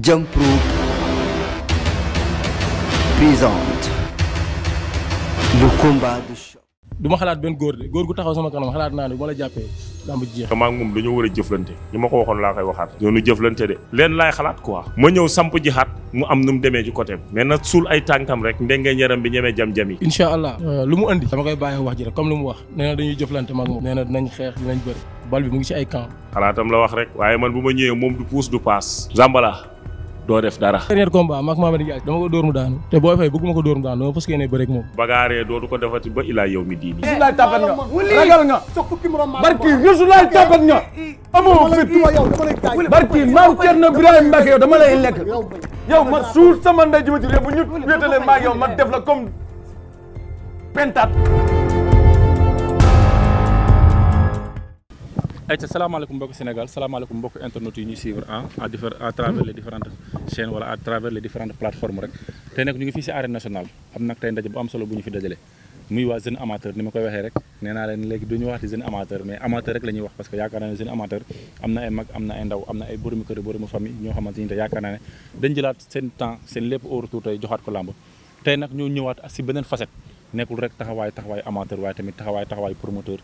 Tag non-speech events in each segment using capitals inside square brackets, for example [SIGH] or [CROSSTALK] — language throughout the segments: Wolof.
Jump présente le combat de choc. du ma xalaat benn góor de góor gu taxaw sama kanam xalaat naa ne bu ma la jàppee lamb ji jeex. maa ngi moom dañoo war a jëflante li ma ko waxoon laa koy waxaat. yoonu nu jëflante de. leen laay xalaat quoi. ma ñëw samp ji xaat mu am nu mu demee ci côté mais nag suul ay tànkam rek ndenge yaram bi ñemee jam-jam yi. incha allah euh, lu mu indi dama koy bàyyi wax ji rek comme lu mu wax nee na dañuy jëflante ma ak moom. nee na xeex dinañ bëri bal bi mu ngi ci ay camp. xalaatam la wax rek waaye man bu ma ñëwee moom du puus du paas. Zambala doo def dara. dernier combat maak Mamady Diagne dama ko dóor mu daanu te booy fay bëgguma ko dóor mu daanu dama fas yéene bëre ak moom. bagaaree dootu ko defati ba ilaa yow mi diini. bisimilah tapet nga ragal nga barki Rasulullah tapet nga amoo fit barki maam Thierno Birahim Mbacke dama lay lekk yow ma suur sama ndey ji ma ci réew bu ñu wéetalee maa ma def la comme pentat. ayca salaamaaleykum mbokk Sénégal salaamaaleykum mbokk internet yi ñuy suivre ah à divers à travers les différentes chaînes wala à travers les différentes plateformes rek tey nag ñu ngi fii si arène nationale am nag bu am solo bu ñu fi dajale muy koy waxee rek ne na ay mag am na ay ndaw am na ay boromi kër boromi famille ñoo xamante ni te yaakaar naa ne dañ jëlaat seen temps seen lépp au retour tey joxaat ko làmb tey ñëwaat si beneen facette nekkul rek taxawaay taxawaay amateur waaye tamit taxawaay taxawaay promoteur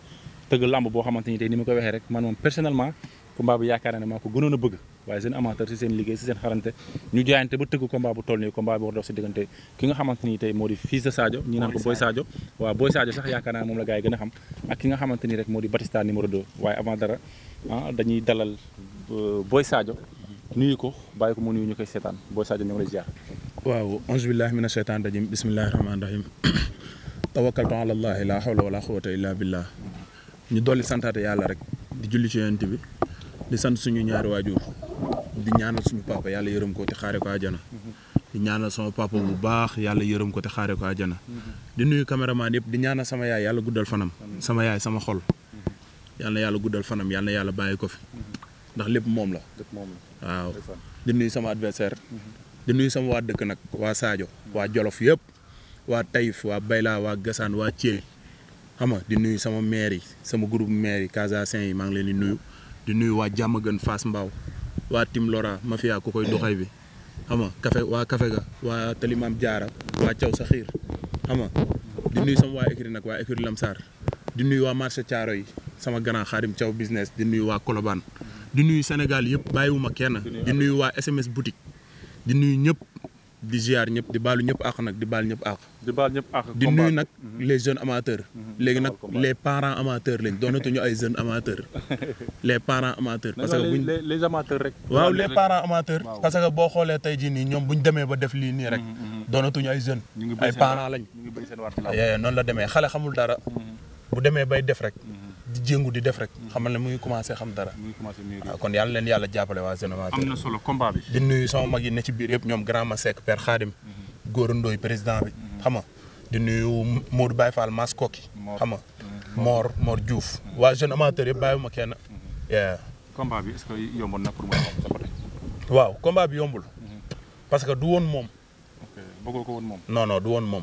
tëgg làmb boo xamante ni tey ni ma ko waxee rek man moom personnellement combat bu yaakaar naa ne maa ko gënoon bëgg waaye seen amateur si seen liggéey si seen xarante ñu jaayante ba tëgg combat bu toll nii combat bi war dox si diggante ki nga xamante ni tey moo di fils de Sadio ñi naan ko Boy Sadio waaw Boy Sadio sax yaakaar naa moom la gars yi gën a xam ak ki nga xamante ni rek moo di Batista numéro 2 waaye avant dara ah, dañuy dalal euh, Boy Sadio ko bàyyi ko mu nuyu ñu koy seetaan Boy Sadio ñu ngi lay ziar waaw auzu billahi mina sheytaan rajim bismillahi rahmaani rahim [COUGHS] tawakkaltu ala la hawla wala quwwata illa billah ñu dolli santaate yàlla rek di julli ci yonent bi di sant suñu ñaari waajur di ñaanal suñu papa yàlla yërëm ko te xaare ko àjjana di ñaanal sama papa bu baax yàlla yërëm ko te xaare ko ajana di nuyu caméraman yëpp di ñaanal sama yaay yàlla guddal fanam sama yaay sama xol yàlla yàlla guddal fanam yàlla yàlla bàyyi ko fi ndax lépp moom la waaw di nuyu sama adversaire mhm. di nuyu sama waa dëkk nag waa saajo waa Jolof yëpp waa Taïf waa Bayla waa Gassane waa Thiel xam nga di nuyu sama maire yi sama group maire yi Casa Saint yi maa ngi leen di nuyu di nuyu waa Diamaguène Fass Mbao waa Timlora Mafia ku koy doxay bi xam kafe waa kafe ga waa Talimam Diarra waa Thiaw Saxiir xam nga di nuyu sama waa écurie nag waa écurie Lamsar di nuyu waa marché caaro yi sama grand xaarim Thiaw business di nuyu waa Colobane di nuyu Sénégal yëpp bàyyiwuma kenn di nuyu waa SMS boutique di nuyu ñëpp di ziar ñëpp di baalu ñëpp àq nag di baal ñëpp àq. di baal ñëpp àq di nuyu nag mhm. les jeunes amateur mhm. léegi nag les parents amateurs lañ doonatuñu ay jeunes amateurs. [LAUGHS] les parents amateurs. parce que buñ les rek. waaw les parents amateurs. parce que boo xoolee tey jii nii ñoom buñ demee ba def lii nii rek. Mhm, doonatuñu ay jeunes. ay parents lañ. ñu ngi béy seen noonu la demee xale xamul dara. bu demee bay def rek. di jëngu di def rek. xamal ne mu ngi commencé xam dara. Ah, kon yàlla leen yàlla jàppale waa Génération. am na solo combat bi. di nuyu sama mag yi ci biir yëpp ñoom grand ma Seck père Khadim. Mhm. Gora Ndoye président bi. Mhm. xam nga di nuyu Modou Baye Fall Mas Koki. xam nga mhm. Mor Mor Diouf. waa jeune amateur yëpp bàyyiwuma kenn. combat que yomboon na pour mu waaw combat bi yombul. parce que du woon moom. ok du woon moom.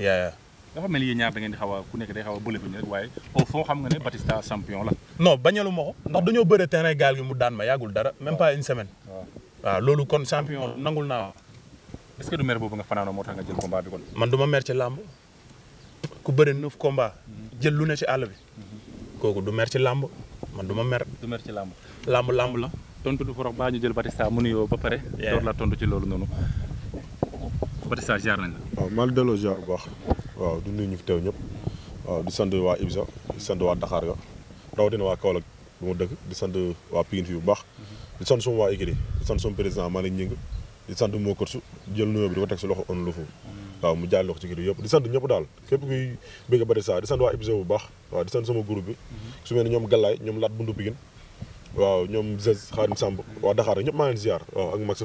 yaa dafa mel yéen ñaar da ngeen di xaw a ku nekk day xaw a bële rek waaye au fond xam nga ne Batista champion la. non bañalu ma ko ndax dañoo bëre terrain gaal gi mu daan ma yàggul dara. même pas une semaine. waaw loolu kon champion nangul naa est que du mer boobu nga fanaanoo moo tax nga jël combat bi kon. man du ma mer ci làmb ku bëre neuf combat jël lu ne ci àll bi mm-hmm. kooku du mer ci làmb man du ma mer. du ci làmb. làmb làmb la. tontu du forox baa ñu jël Batista mu nuyoo ba pare. door la tontu ci loolu noonu Batista jaar nañ la. waaw maa ngi waaw du nuyu ñu fi teew ñëpp waaw di sant waa Ibsa di sant waa Dakar ga rawatina waa Kaolack bu ma dëkk di sant waa Pikine fi bu baax di sant suma waa Ikili di sant suma président Malick Ngingue di sant moo korsu jël nuyoo bi di ko teg si loxo on lofu waaw mu jaay loxo ci kii yëpp di sand ñëpp daal képp kuy bëgg bari saa di sant waa Ibsa bu baax waaw di sant sama groupe bi su mel ne ñoom Galaay ñoom Lat Bundu Pikine waaw ñoom Zez Xaadim Samb waa Dakar ñëpp maa leen ziar waaw ak Maxi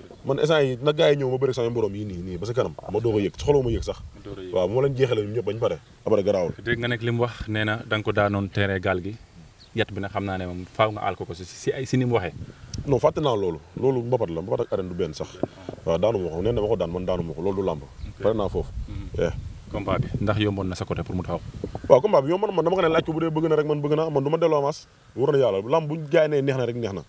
man instant yi nag gars yi ñëw ma bëri sama borom yi nii nii ba sa kanam ma doog a yëg soxla ma yëg sax waaw bu ma leen jeexalee ñëpp bañ pare après garaawul dégg nga nekk li wax nee na da nga ko daanoon teere gaal gi yat bi nag xam naa ne moom faaw nga aal si si ni mu waxee non fàtte naa loolu loolu mbapat la mbapat ak arène du benn sax mm. waaw daanu ma ko nee na ma ko daan man daanu ma ko loolu du làmb pare naa foofu mm. combat bi ndax yomboon na sa côté pour mu taxaw waaw combat bi yomboon man dama ko ne laaj ko bu dee bëgg na rek man bëgg na man du ma delloo avance bu gaay na rek mhm. a mhm. ñoo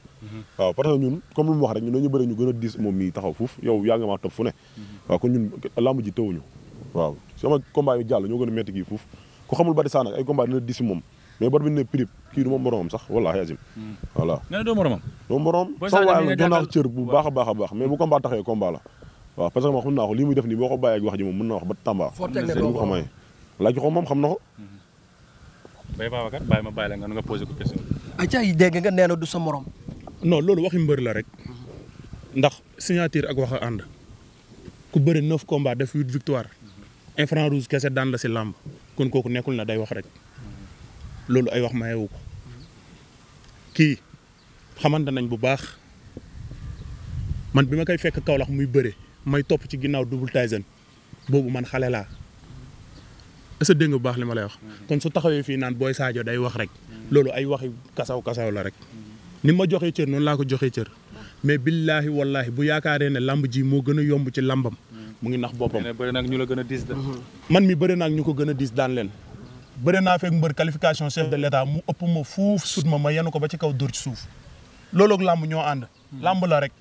gën a metti kii foofu ku xamul bari saa nag ay combat dina diis moom mais bor bi ne prib kii du ma moromam sax wallaahi azim mhm. voilà nee na doo moromam doo moromam sa waay jox naa cër bu baax a baax a baax mais bu combat taxee combat la waaw parce que moom xam muy def nii boo ko bàyyee ak wax ji moom na wax ba Tamba. foo teg moom xam na ko. Mm-hmm. Baye Babacar ma bàyyi la nga nga posé ko question. ayca yi nga nee du sa morom. non loolu waxi mbër la rek. Mm-hmm. ndax signature ak wax a ànd. ku bëri neuf combats def huit victoire. Mm-hmm. infra rouge kese daan la si làmb. kon kooku nekkul na day wax rek. loolu ay wax mayewu ko. kii xamante nañ bu baax. man bi ma koy fekk Kaolack muy bëre. may topp ci ginnaaw Double Tyson boobu man xale laa est que dégg nga bu baax li ma lay wax. Mm-hmm. kon su taxawee fii naan booy saajo day wax rek. loolu ay waxi kasaw kasaw la rek. Mm-hmm. ni ma joxee cër noonu laa ko joxee cër. mais billaahi wallaahi bu yaakaaree ne làmb jii moo gën a yomb ci lambam. Mm-hmm. mu ngi nax boppam bëri naa ñu la gën a diis man mi bëri naa ñu ko gën a diis daan leen. bëri naa fekk mbër qualification chef de l'état mu ëpp ma fuuf sut ma ma yenu ko ba ci kaw dóor ci suuf. loolu ak ñoo ànd. lamb la rek.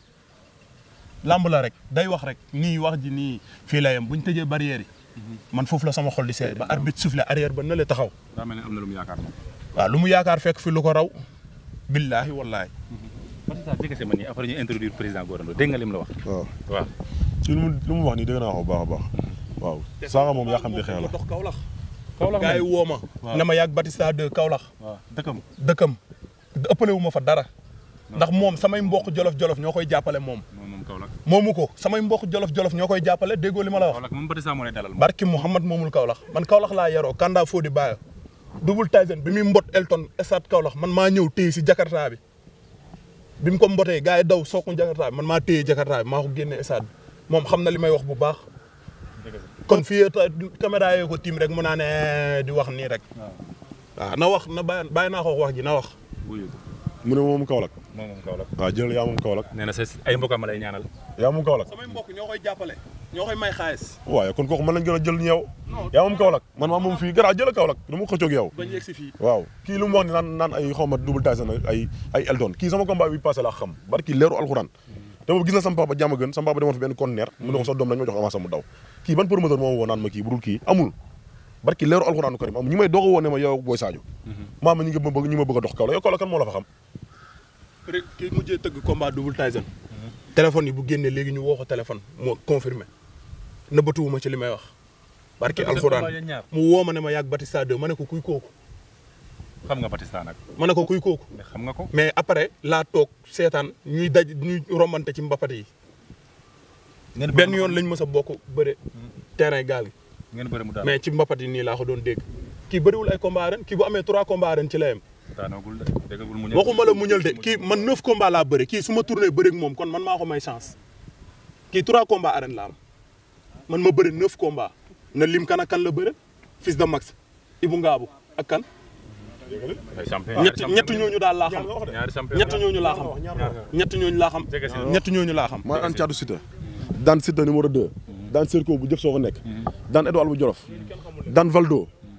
lamb la rek day wax rek nii wax ji nii fii la bu ñu tëjee barrière yi mhm. man foofu la sama xol di seet ba arbitre soufflé arrière ba na le taxaw. mel ne am na lu mu yaakaar waaw lu mu yaakaar fekk fi lu ko raw. billaahi wallaahi. Mhm. parce que jege si man nii après ñu introduire président Gora Ndo dégg nga lim lu mu lu mu wax nii dégg naa wax bu baax a baax. Mhm. waaw Sakho moom yaa xam ne xeex la. Kaolack Kaolack gars yi woo ma. na ma yàgg Batista de kawlax waaw dëkkam dëkkam ëppale ma fa dara. ndax moom samay mbokk jolof jolof ñoo koy jàppale moom moomu ko samay mbokk jolof-jolof ñoo koy jàppale déggoo li ma la wax. Kaolack moom Batista moo lay dalal. Barki Mouhamad moomul Kaolack man Kaolack laa yaroo Kanda Fodé Bayo. Double Tyson bi muy mbot Elton stade Kaolack man ma ñëw téye si Jakarta bi bi mu ko mbotee gars yi daw sooku Jakarta bi man maa téye Jakarta bi maa ko génne stade bi moom xam na li may wax bu baax. kon fii caméra yooyu ko tiim rek mu naa ne di wax nii rek. waaw na wax na bàyyi naa ko wax ji na wax. mu ne moom Kaolack. maa moom Kaolack waaw jëlal yaa moom Kaolack nee na sa ñoo koy jàppale ñoo koy may xaalis waaw kon kooku mën nañ gën a ay xaw ma double ay ay kii sama combat bi passé laa xam barki mm-hmm. mm-hmm. kii leeru alxuraanu karim am ñu may doog a ma yow Boy Sadio mm-hmm. maa ma ñi ma bëgg a dox Kaolack yow Kaolack kan moo la fa xam rek ki mujjee tëgg combat double Tyson téléphone yi bu génnee léegi ñu woo ko téléphone moo confirmé nëbbatuwuma ci li may wax. barki alxuraan mu woo ma ne ma yàgg Batista 2 ma ne ko kuy kooku. xam nga Batista nag. ma ne ko kuy kooku. mais xam nga ko mais après laa toog seetaan ñi daj ñuy rombante ci mbapat yi. benn yoon lañ ma a bokk bëre. terrain gaal gi. mais ci mbapat yi nii laa ko doon dégg. kii bëriwul ay combat ren kii bu amee trois combat ci la waxuma la muñal de kii man neuf combat laa bëri kii su ma tourné bëri ak moom kon man maa ko may chance kii trois combat arène la am man ma bëri neuf combat na lim kan ak kan la bëri fils de max Ibou Ngaabu ak kan ñett ñett ñooñu daal laa xam ñett ñooñu laa xam ñett ñooñu laa xam ñett ñooñu laa xam mooy an caatu Siteu daan Siteu numéro deux daan Serko bu jëf soo ko nekk mm-hmm. daan Edouard bu Jolof daan Valdo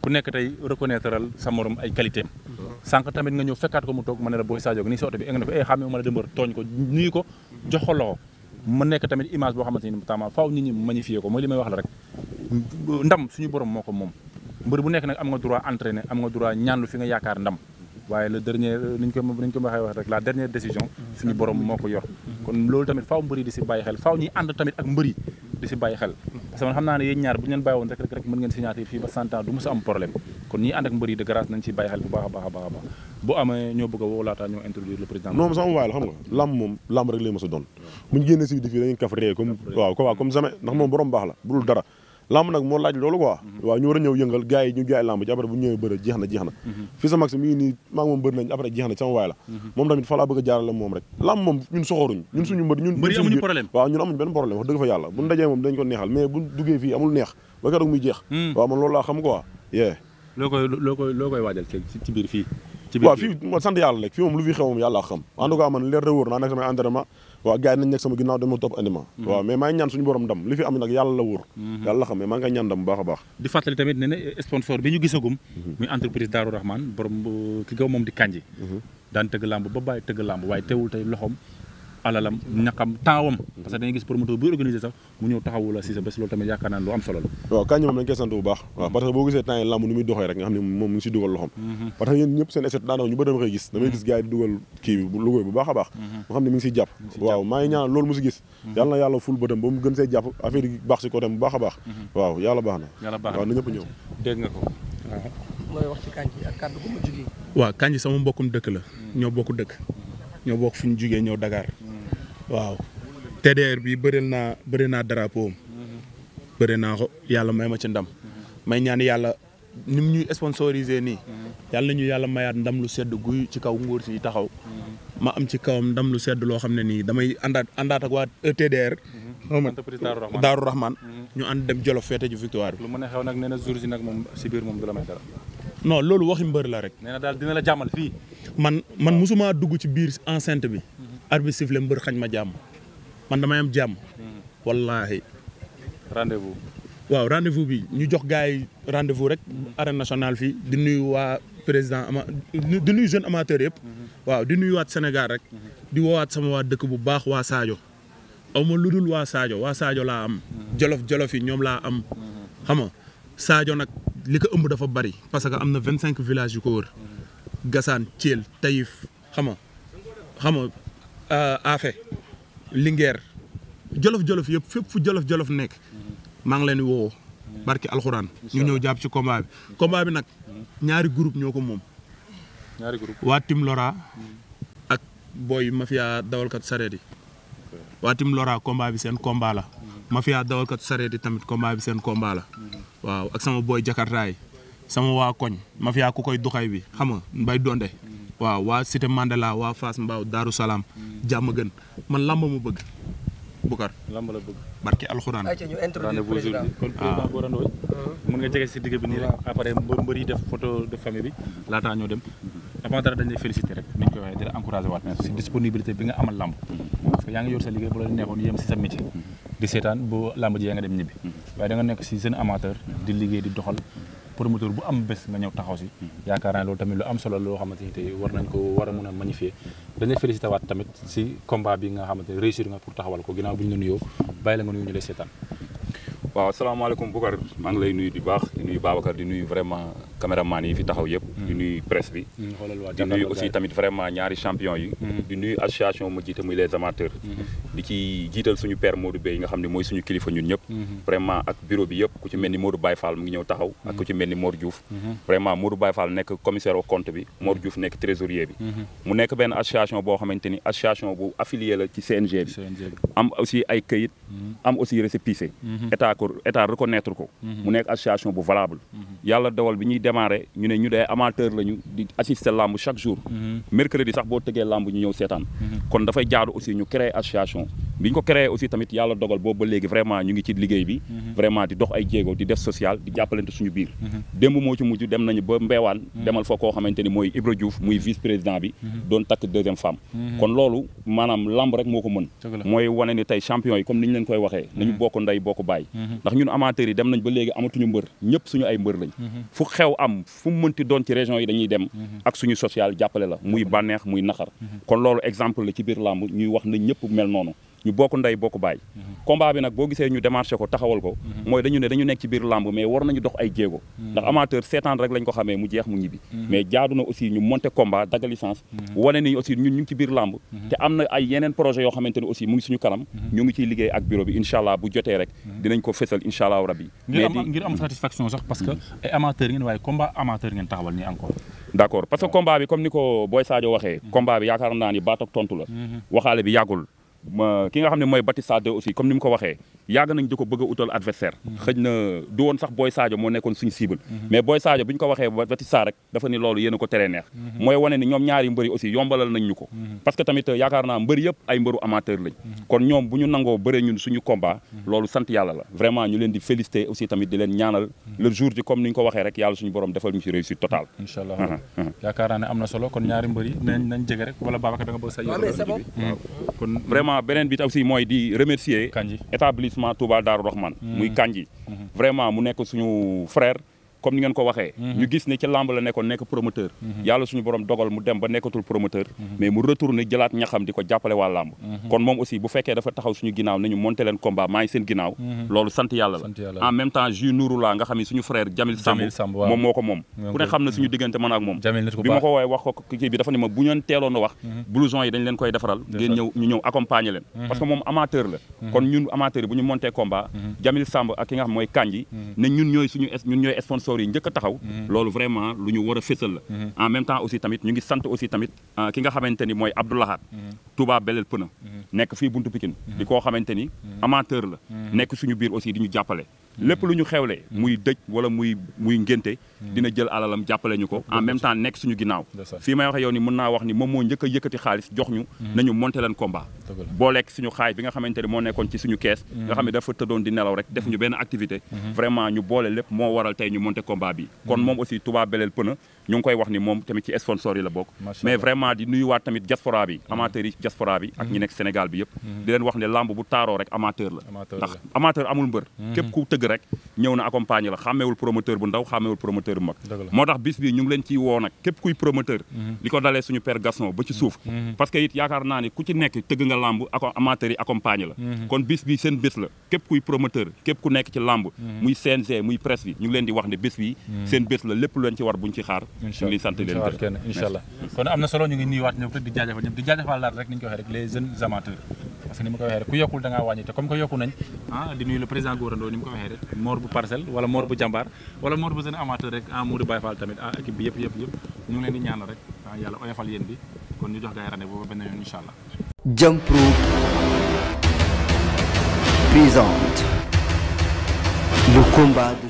ku nekk tey reconnaîtreal sa morom ay qualité am sànq tamit nga ñëw fekkaat ko mu toog ma ne la booy Sadio nii sa oto bi eng na ko eh xàmmee ma la dëmbër tooñ ko nuyu ko jox ko loxo ma nekk tamit image boo xamante ni tama faaw nit ñi magnifier ko mooy li may wax la rek ndam suñu borom moo ko moom mbër bu nekk nag am nga droit entraîner am nga droit ñaan lu fi nga yaakaar ndam waaye le dernier ni ñu ko ni ñu ko waxee wax rek la dernière décision suñu borom moo ko yor kon loolu tamit faaw mbër yi di si bàyyi xel faaw ñuy ànd tamit ak mbër yi di si bàyyi xel parce que man xam naa ne yéen ñaar bu ñu bàyyi woon rek rek rek mën ngeen signature fii ba cent ans du mos a am problème kon ñii ànd ak mbër yi de nañ ci bàyyi xel bu baax a baax baax bu amee ñoo bëgg woo laata ñoo introduire le président non sama waay la xam nga lamb moom lamb rek lay mos a doon bu ñu si di dañuy kaf ree comme waaw ko waaw comme jamais ndax moom borom baax la bu dul dara lamb nag moo laaj loolu quoi mhm. waaw ñu war a ñëw yëngal gars yi ñu jaay lamb ci après bu ñëwee bëre jeex na jeex na mhm. fii sa mag si mi nii maa moom bëri nañ après jeex sama waay la mhm. moom tamit fa bëgg a jaarale moom rek lamb moom ñun soxoruñ ñun suñu mbër ñun waaw ñun amuñu benn problème wax dëgg fa yàlla bu dajee moom dañ ko neexal mais bu duggee fii amul neex ba keroog muy jeex hmm. waaw man loolu laa xam quoi yee loo koy loo koy loo biir fii ci biir waaw fii ma sant yàlla rek fii moom lu fi xew moom yàlla xam en tout cas man leer de wóor nekk samay entraînement waaw gars yi nekk sama ginnaaw dama topp andiment mm-hmm. waaw mais maa ngi ñaan suñu borom la wóor mm-hmm. yàlla la xam mais maa ngi koy ñaan ndam baax a baax di fàttali tamit ne ne sponsor bi ñu gisagum mm-hmm. muy entreprise Darou Rahman borom ki gaw moom di kanji daan tëgg làmb ba bàyyi tëgg làmb waaye teewul tey loxoom alalam ñaqam tempsam parce que dañuy gis promoteur buy organiser sax mu ñëw taxawu la si sa loolu tamit yaakaar naa lu am solo la waaw Kandji moom dañ koy moom mu mhm. gis damay mhm. yi dugal kii bi liggéey bu baax a baax mhm. nga xam ne mi ngi siy jàpp waaw maa ngi loolu mu si gis yàlla na yàlla ful bëtam ba mu gën see jàpp affaire baax si côté bu baax a baax waaw yàlla baax na waaw na ñëpp ñëw dégg nga ko waaw looy wax mu jugee dëkk la mm. ñoo bokk dëkk mm. ñoo bokk fi ñu jugee ñëw Dakar mm. waaw TDR bi bëri naa bëri naa drapeau am mm-hmm. naa ko yàlla may ma ci ndam mm-hmm. may ñaan yàlla ni mu ñuy sponsorisé nii mm-hmm. yàlla ñu yàlla mayaat ndam lu sedd guy ci kaw ngóor si taxaw ma am ci kawam ndam lu sedd loo xam ne nii damay àndaat àndaat ak waa ETDR entreprise Darou Rahman Darou Rahman ñu ànd dem Jolof feete ju victoire bi. lu mën a xew nag nee na jour ji nag moom si biir moom du la may dara. non loolu waxi mbër la rek. nee na daal dina la fii. man man mosuma dugg ci biir enceinte bi. arbitre sifflé mbër xañ ma jàmm man damay am jàmm. Hmm. wallaahi. rendez waaw rendez bi ñu jox gars yi rendez rek. Hmm. arène nationale fii di nuyu waa président ama di nuyu jeune amateur yëpp. Hmm. waaw di nuyu waat Sénégal rek. di woowaat sama waa dëkk bu baax waa saajo aw ma lu dul waa saajo waa saajo laa am. jolof jolof yi ñoom laa am. xam nga Sadio nag li ko ëmb dafa bari parce que am na vingt cinq village yu ko wër. Gassane Thiel Taïf xam nga Euh, Afe Linguère jolof-jolof yëpp fépp fu jolof-jolof nekk maa ngi leen woo barki alxuraan ñu ñëw jàpp ci combat bi combat bi nag ñaari group ñoo ko moom ñaari groupe ak booy mafia dawalkat sareet yi bi seen combat la mafia dawalkat tamit combat bi seen combat la waaw ak sama booy jakartaay sama waa koñ mafia ku koy duxay bi xam mbay donde waaw waa Cité Mandela waa Fass Mbao Darou Salaam. jàmm gën man lamb mu bëgg. Boucar lamb la bëgg. barki alxuraan. ayca ñu introduire président kon président ah. Gora Ndoye mën nga jege si digg bi nii rek après def photo de famille bi laataa ñoo dem. Mm-hmm. avant dara dañ lay féliciter rek ni ñu koy waxee di la encourager si disponibilité bi nga amal lamb. Mm-hmm. parce que yaa ngi yor sa liggéey bu la neexoon yem si sa métier. Mm-hmm. di seetaan bu lamb ji yaa nga dem ñibbi. waaye da nga nekk si seen amateur. di liggéey di doxal. promoteur bu am bés nga ñëw taxaw si mm-hmm. yaakaar loolu tamit lu am solo loo xamante ni tey war nañ ko war a mën a magnifier dañuy félicité waat tamit si combat bi nga xamante réussir nga pour taxawal ko ginnaaw bu ñu la nuyoo bàyyi la nga nuyu ñu lay seetaan waaw asalaamaaleykum Boucar maa ngi lay nuyu di baax di nuyu Babacar di nuyu vraiment caméraman yi fi taxaw yëpp mm-hmm. di nuyu presse bi mm-hmm. di nuyu aussi tamit vraiment ñaari champion yi di nuyu association di ci jiital suñu père Modou Bey nga xam ne mooy suñu kilifa ñun ñëpp mhm. vraiment ak bureau bi yëpp ku ci mel ni Modou Baye Fall mu ngi ñëw taxaw ak ku ci mel ni Mor Diouf mhm. vraiment Modou Baye Fall nekk commissaire au compte bi Mor mhm. Diouf nekk trésorier bi mu nekk benn association boo xamante association bu affilié la ci CNG bi am aussi ay këyit am aussi récépissé état ko ko mu nekk association bu valable yàlla dawal bi ñuy démarrer ñu ne ñu dee amateur lañu di assister làmb chaque jour. Mhm. mercredi sax boo tegee làmb ñu ñëw seetaan. Mhm. kon dafay jaaru aussi ñu créer association. biñ ko créé aussi tamit yàlla dogal boobu ba léegi vraiment ñu ngi ci liggéey bi mhm. vraiment di dox ay jéego di def social di jàppalante suñu biir mhm. ba mbeewaan mhm. demal fa koo xamante ni mooy Ibra bi doon takk deuxième femme kon loolu maanaam lamb moo ko mën mooy wane ni tey champion yi comme ni ñu leen koy waxee nañu bokk ndey bokk bàyyi ndax ñun amateurs yi dem ay mbër lañ fu xew am doon ci région yi dañuy dem ak suñu social jàppale la muy bànneex muy naxar kon loolu exemple la ci biir lamb ñuy wax na ñëpp mel noonu ñu bokk ndey bokk baay. Mhm. combat bi nag boo gisee ñu démarché ko taxawal ko. Mhm. mooy dañu ne dañu nekk ci biir mais war nañu dox ay jéego. Mhm. ndax amateur seetaan rek lañ ko xamee mu jeex mu mais jaadu na aussi ñu monter combat dagg licence. wane ni aussi ñun ñu ngi ci te am na ay yeneen projet yoo xamante ne aussi mu ngi suñu kanam. ñu ngi ciy liggéey ak bureau bi incha allah bu jotee rek. dinañ ko fésal incha allah rabi. mais di ngir am satisfaction sax parce que ay amateur ngeen waaye combat amateur ngeen taxawal nii encore. d' ki nga xam ne mooy Batista 2 aussi comme ni mu ko waxee yàgg nañ di ko bëgg a utal adversaire xëj na du woon sax Boy Sadio moo nekkoon suñu cible mhm. mais Boy Sadio bi ñu ko waxee Batista rek dafa ni loolu yéen a ko teree neex mhm. mooy wane ni ñoom ñaari mbëri aussi yombalal nañ ñu ko mhm. parce que tamit yaakaar naa mbëri yëpp ay mbëru amateur lañ kon ñoom bu ñu nangoo bëree ñun suñu combat loolu sant yàlla la vraiment ñu leen di féliciter aussi tamit di leen ñaanal le jour ji comme ni ñu ko waxee rek yàlla suñu borom defal ñu ci réussite kon ñaari mbëri nañ nañ jege vraiment beneen bi aussi mooy di remercier établissement Touba Darou Rahman hmm. muy Kandji hmm. vraiment mu nekk suñu frère comme ni ngeen ko waxee mhm. ñu gis ne ci lamb la nekkoon nekk promoteur mhm. yàlla suñu borom dogal mu dem ba nekkatul promoteur mhm. mais mu retourné jëlaat ñaxam di ko jàppale waa lamb kon moom aussi bu fekkee dafa taxaw suñu ginnaaw nañu monté leen combat moom moo ko moom ku ne xam na suñu diggante man ak moom bi ma ko wax ko kii bi dafa ne ma bu teeloon wax blouson yi dañ leen koy defaral ngeen ñëw ñëw accompagner leen parce que moom amateur la kon ñun amateur sponsors yi njëkk taxaw mhm. loolu vraiment lu ñu war a fésal la mhm. en même temps aussi tamit ñu ngi sant aussi tamit ah, ki nga xamante ni mooy Abdoulahat mhm. Touba Belel a nekk fi fii bi Pikine di koo xamante ni amateur la nekk suñu biir aussi di ñu jàppale lépp lu ñu xewle muy dëj wala muy muy ngénte hmm. dina jël alalam jàppale ñu ko en même temps nekk suñu ginnaaw fii may waxe yow ni mën naa wax ni moom moo njëkk a yëkkati xaalis jox ñu hmm. nañu monté leen combat boo suñu xaay bi nga xamante ni moo nekkoon ci suñu kees hmm. nga xam ne dafa tëddoon di nelaw rek def ñu benn activité vraiment ñu boole lépp moo waral tey ñu monté combat bi kon moom aussi Touba Pënë ñu ngi koy wax ni moom tamit ci sponsor yi la bokk mais vraiment di nuyuwaat tamit diaspora bi amateur yi diaspora bi ak ñi nekk wax ne lamb bu taaroo rek amateur la ndax amateur amul mbër rek ñëw na accompagner la xàmmeewul promoteur bu ndaw xàmmeewul promoteur bu mag moo tax bis ñu ngi leen ciy woo képp kuy promoteur li mhm. ko dalee suñu père Gaston ba ci suuf mhm. Mhm. parce que it yaakaar naa ni ku ci nekk tëgg nga làmb amateur yi accompagner la kon bis seen bés la képp kuy promoteur képp ku nekk ci làmb muy CNG muy presse bi ñu ngi leen di wax ne bés seen bés lépp lu leen ci war buñ ci xaar ñu ngi sant leen incha allah kon rek moor bu parcelle wala moor bu jàmbaar wala moor bu jeune amateur rek ah Modou Baye Fall tamit ah bi yëpp yëpp ñu leen di rek ah yàlla oyofal yéen bi kon ñu jox gars yi rendez-vous benn yoon incha allah. Jam Pro présente le combat de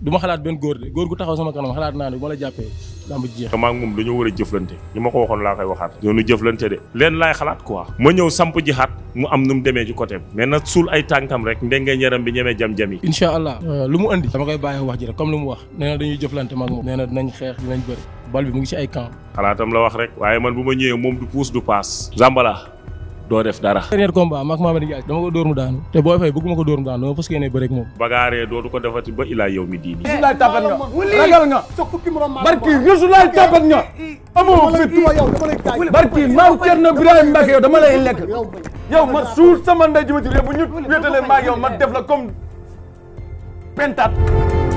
du ma xalaat benn góor de góor gu taxaw sama kanam xalaat naa ne bu ma la jàppee lamb ji jeex maa moom dañoo war a jëflante li ma ko waxoon laa koy waxaat ñoonu jëflante de leen laay xalaat ko ma ñëw samp ji xaat mu am nu mu demee ci côté mais nag suul ay tànkam rek ndenge ñaram bi ñemee jam-jam yi incha allah euh, lu mu indi dama koy bàyyi wax ji rek comme lu mu wax nee na dañuy jëflante maag moom nee na dinañ xeex dinañ bëri bal bi mu ngi ci ay camp xalaatam la wax rek waaye man bu ma ñëwee moom du puus du paas zambala doo def dara. dernier combat maak Mamadou Diagne dama ko dóor mu daanu te booy fay bëgguma ko dóor mu daanu dama fas yéene bëre ak moom. bagaaree dootu ko defati ba ilaa yow mi diini. bisimilah tapet nga ragal nga. barki bisimilah tapet nga. amoo fit barki maam Thierno Birahim dama lay lekk. yow ma suur sama ndey ji ma ci réew bu ñu wéetalee maa yow ma def la comme pentat.